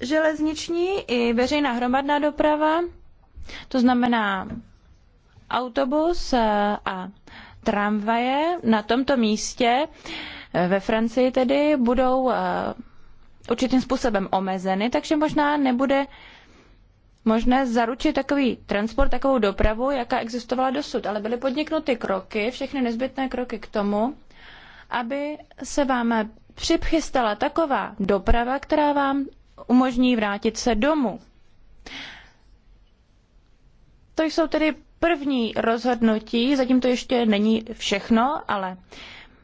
železniční i veřejná hromadná doprava, to znamená autobus eh, a tramvaje na tomto místě eh, ve Francii tedy budou eh, určitým způsobem omezeny, takže možná nebude možné zaručit takový transport, takovou dopravu, jaká existovala dosud, ale byly podniknuty kroky, všechny nezbytné kroky k tomu, aby se vám připchystala taková doprava, která vám umožní vrátit se domů. To jsou tedy první rozhodnutí, zatím to ještě není všechno, ale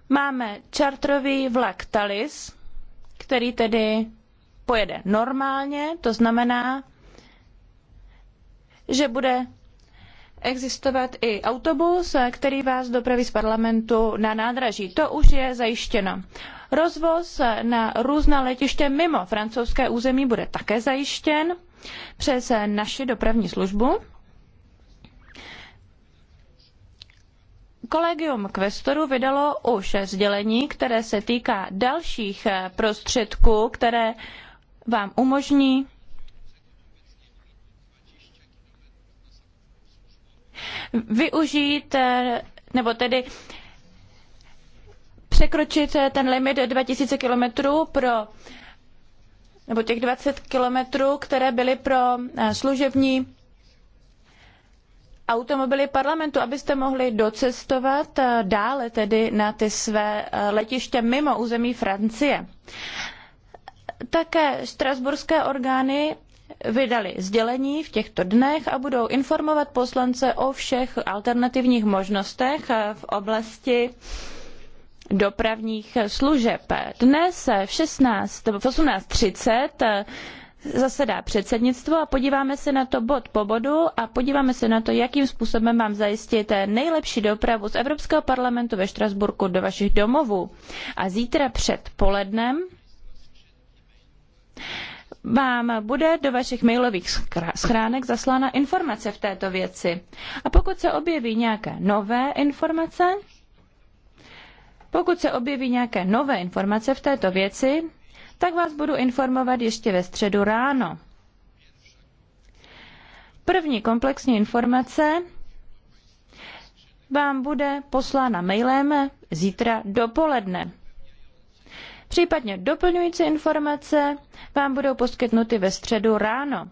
máme čartrový vlak Talis, který tedy pojede normálně, to znamená, že bude existovat i autobus, který vás dopraví z parlamentu na nádraží. To už je zajištěno. Rozvoz na různá letiště mimo francouzské území bude také zajištěn přes naši dopravní službu. Kolegium kvestorů vydalo už sdělení, které se týká dalších prostředků, které vám umožní využít eh, nebo tedy překročit eh, ten limit 2000 kilometrů pro nebo těch 20 kilometrů, které byly pro eh, služební automobily parlamentu, abyste mohli docestovat dále tedy na ty své letiště mimo území Francie. Také štrasburské orgány vydali sdělení v těchto dnech a budou informovat poslance o všech alternativních možnostech v oblasti dopravních služeb. Dnes v 16 v 18.30 eh, zasedá předsednictvo a podíváme se na to bod po bodu a podíváme se na to, jakým způsobem mám zajistit eh, nejlepší dopravu z Evropského parlamentu ve Štrasburku do vašich domovů. A zítra před polednem vám bude do vašich mailových schránek zaslána informace v této věci. A pokud se objeví nějaké nové informace, pokud se objeví nějaké nové informace v této věci, tak vás budu informovat ještě ve středu ráno. První komplexní informace vám bude poslána mailem zítra dopoledne. Případně doplňující informace vám budou poskytnuty ve středu ráno.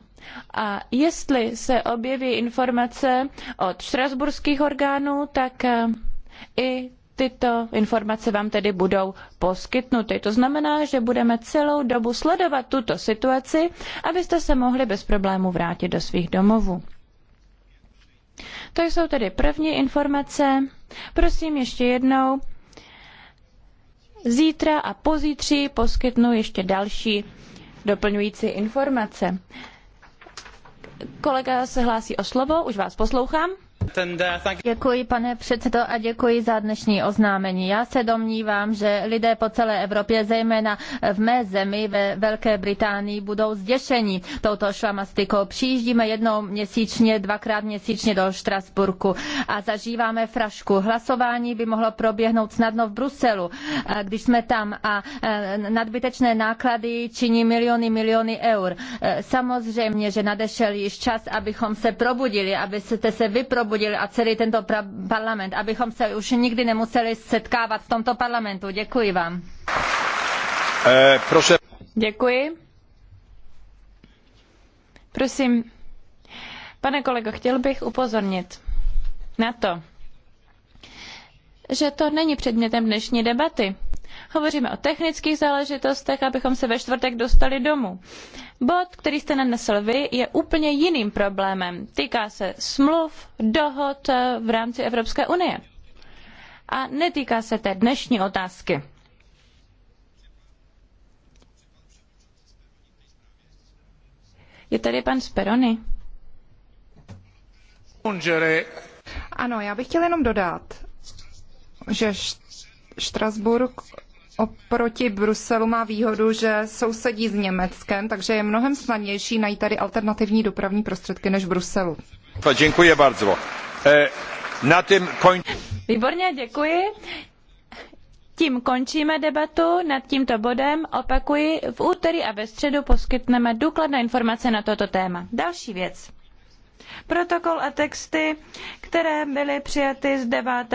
A jestli se objeví informace od štrasburských orgánů, tak eh, i tyto informace vám tedy budou poskytnuty. To znamená, že budeme celou dobu sledovat tuto situaci, abyste se mohli bez problémů vrátit do svých domovů. To jsou tedy první informace. Prosím ještě jednou, Zítra a pozítří poskytnu ještě další doplňující informace. Kolega se hlásí o slovo, už vás poslouchám. Uh, děkuji, pane předsedo, a děkuji za dnešní oznámení. Já se domnívám, že lidé po celé Evropě, zejména v mé zemi, ve Velké Británii, budou zděšeni touto šlamastikou. Přijíždíme jednou měsíčně, dvakrát měsíčně do Štrasburku a zažíváme frašku. Hlasování by mohlo proběhnout snadno v Bruselu, eh, když jsme tam a eh, nadbytečné náklady činí miliony, miliony eur. Eh, samozřejmě, že nadešel již čas, abychom se probudili, abyste se vyprobudili probudili a celý tento parlament, abychom se už nikdy nemuseli setkávat v tomto parlamentu. Děkuji vám. Eh, prosím. Děkuji. Prosím, pane kolego, chtěl bych upozornit na to, že to není předmětem dnešní debaty. Hovoříme o technických záležitostech, abychom se ve čtvrtek dostali domů. Bod, který jste nanesl vy, je úplně jiným problémem. Týká se smluv, dohod eh, v rámci Evropské unie. A netýká se té dnešní otázky. Je tady pan Speroni. Ano, já bych chtěl jenom dodat, že Štrasburg oproti Bruselu má výhodu, že sousedí s Německem, takže je mnohem snadnější najít tady alternativní dopravní prostředky než v Bruselu. Děkuji bardzo. E, na tím končí. Výborně, děkuji. Tím končíme debatu nad tímto bodem. Opakuji, v úterý a ve středu poskytneme důkladné informace na toto téma. Další věc. Protokol a texty, které byly přijaty z 9.